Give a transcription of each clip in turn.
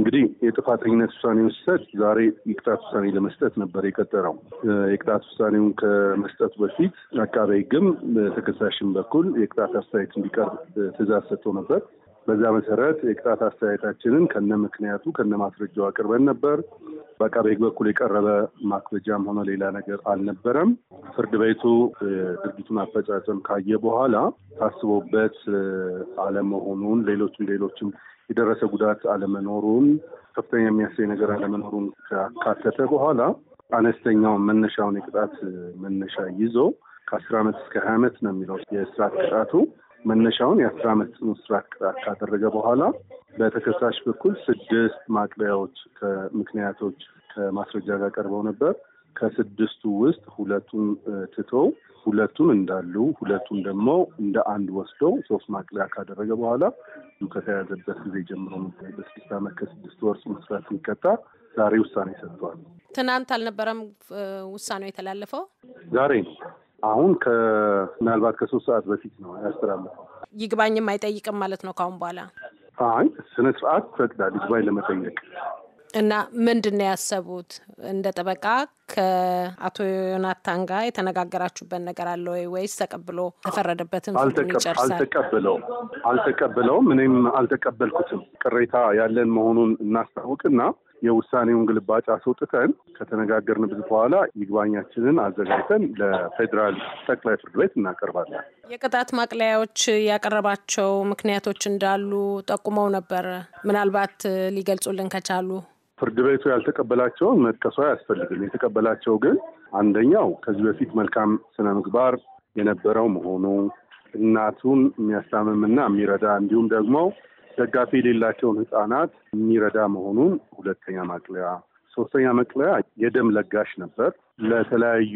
እንግዲህ የጥፋተኝነት ውሳኔውን ሲሰጥ ዛሬ የቅጣት ውሳኔ ለመስጠት ነበር የቀጠረው። የቅጣት ውሳኔውን ከመስጠቱ በፊት አቃቤ ሕግም በተከሳሽም በኩል የቅጣት አስተያየት እንዲቀርብ ትዕዛዝ ሰጥቶ ነበር። በዛ መሰረት የቅጣት አስተያየታችንን ከነ ምክንያቱ ከነ ማስረጃው አቅርበን ነበር። በአቃቤ ሕግ በኩል የቀረበ ማክበጃም ሆነ ሌላ ነገር አልነበረም። ፍርድ ቤቱ ድርጊቱን አፈጻጸም ካየ በኋላ ታስቦበት አለመሆኑን፣ ሌሎችም ሌሎችም የደረሰ ጉዳት አለመኖሩን፣ ከፍተኛ የሚያሳይ ነገር አለመኖሩን ካካተተ በኋላ አነስተኛውን መነሻውን የቅጣት መነሻ ይዞ ከአስር አመት እስከ ሀያ አመት ነው የሚለው የእስራት ቅጣቱ መነሻውን የአስራ አመት ጽኑ እስራት ቅጣት ካደረገ በኋላ በተከሳሽ በኩል ስድስት ማቅለያዎች ከምክንያቶች ከማስረጃ ጋር ቀርበው ነበር። ከስድስቱ ውስጥ ሁለቱን ትተው ሁለቱን እንዳሉ ሁለቱን ደግሞ እንደ አንድ ወስደው ሶስት ማቅለያ ካደረገ በኋላ ከተያዘበት ጊዜ ጀምሮ በስድስት ዓመት ከስድስት ወር መስራት የሚቀጣ ዛሬ ውሳኔ ሰጥቷል። ትናንት አልነበረም ውሳኔው የተላለፈው ዛሬ ነው። አሁን ምናልባት ከሶስት ሰዓት በፊት ነው ያስተላለፈው። ይግባኝም አይጠይቅም ማለት ነው ከአሁን በኋላ አይ ስነ ስርዓት ፈቅዳል ይግባኝ ለመጠየቅ እና ምንድን ነው ያሰቡት? እንደ ጠበቃ ከአቶ ዮናታን ጋር የተነጋገራችሁበት ነገር አለ ወይ? ወይስ ተቀብሎ ተፈረደበትም አልተቀበለው አልተቀብለውም እኔም አልተቀበልኩትም። ቅሬታ ያለን መሆኑን እናስታውቅና የውሳኔውን ግልባጭ አስወጥተን ከተነጋገርንበት በኋላ ይግባኛችንን አዘጋጅተን ለፌዴራል ጠቅላይ ፍርድ ቤት እናቀርባለን። የቅጣት ማቅለያዎች ያቀረባቸው ምክንያቶች እንዳሉ ጠቁመው ነበር። ምናልባት ሊገልጹልን ከቻሉ ፍርድ ቤቱ ያልተቀበላቸውን መጥቀሱ አያስፈልግም። የተቀበላቸው ግን አንደኛው ከዚህ በፊት መልካም ስነ ምግባር የነበረው መሆኑ እናቱን የሚያስታምምና የሚረዳ እንዲሁም ደግሞ ደጋፊ የሌላቸውን ህጻናት የሚረዳ መሆኑን ሁለተኛ ማቅለያ፣ ሶስተኛ መቅለያ የደም ለጋሽ ነበር። ለተለያዩ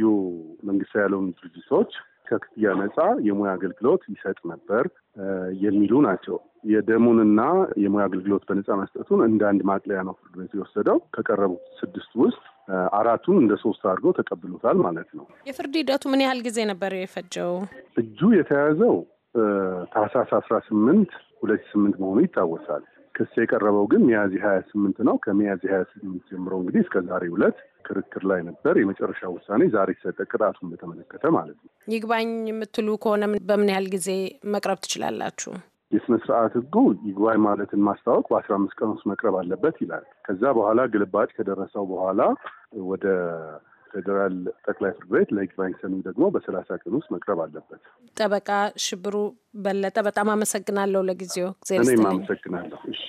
መንግስታዊ ያልሆኑ ድርጅቶች ከክፍያ ነፃ የሙያ አገልግሎት ይሰጥ ነበር የሚሉ ናቸው። የደሙንና የሙያ አገልግሎት በነፃ መስጠቱን እንደ አንድ ማቅለያ ነው ፍርድ ቤት የወሰደው። ከቀረቡት ስድስት ውስጥ አራቱን እንደ ሶስት አድርገው ተቀብሎታል ማለት ነው። የፍርድ ሂደቱ ምን ያህል ጊዜ ነበር የፈጀው? እጁ የተያዘው ታህሳስ አስራ ስምንት ሁለት ስምንት መሆኑ ይታወሳል። ክስ የቀረበው ግን ሚያዝያ ሀያ ስምንት ነው። ከሚያዝያ ሀያ ስምንት ጀምሮ እንግዲህ እስከ ዛሬ ሁለት ክርክር ላይ ነበር። የመጨረሻ ውሳኔ ዛሬ ሲሰጠ ቅጣቱን በተመለከተ ማለት ነው። ይግባኝ የምትሉ ከሆነ በምን ያህል ጊዜ መቅረብ ትችላላችሁ? የስነ ስርዓት ህጉ ይግባኝ ማለትን ማስታወቅ በአስራ አምስት ቀን ውስጥ መቅረብ አለበት ይላል። ከዛ በኋላ ግልባጭ ከደረሰው በኋላ ወደ ፌዴራል ጠቅላይ ፍርድ ቤት ለህግ ማግሰኑ ደግሞ በሰላሳ ቀን ውስጥ መቅረብ አለበት። ጠበቃ ሽብሩ በለጠ በጣም አመሰግናለሁ። ለጊዜው እኔም አመሰግናለሁ። እሺ።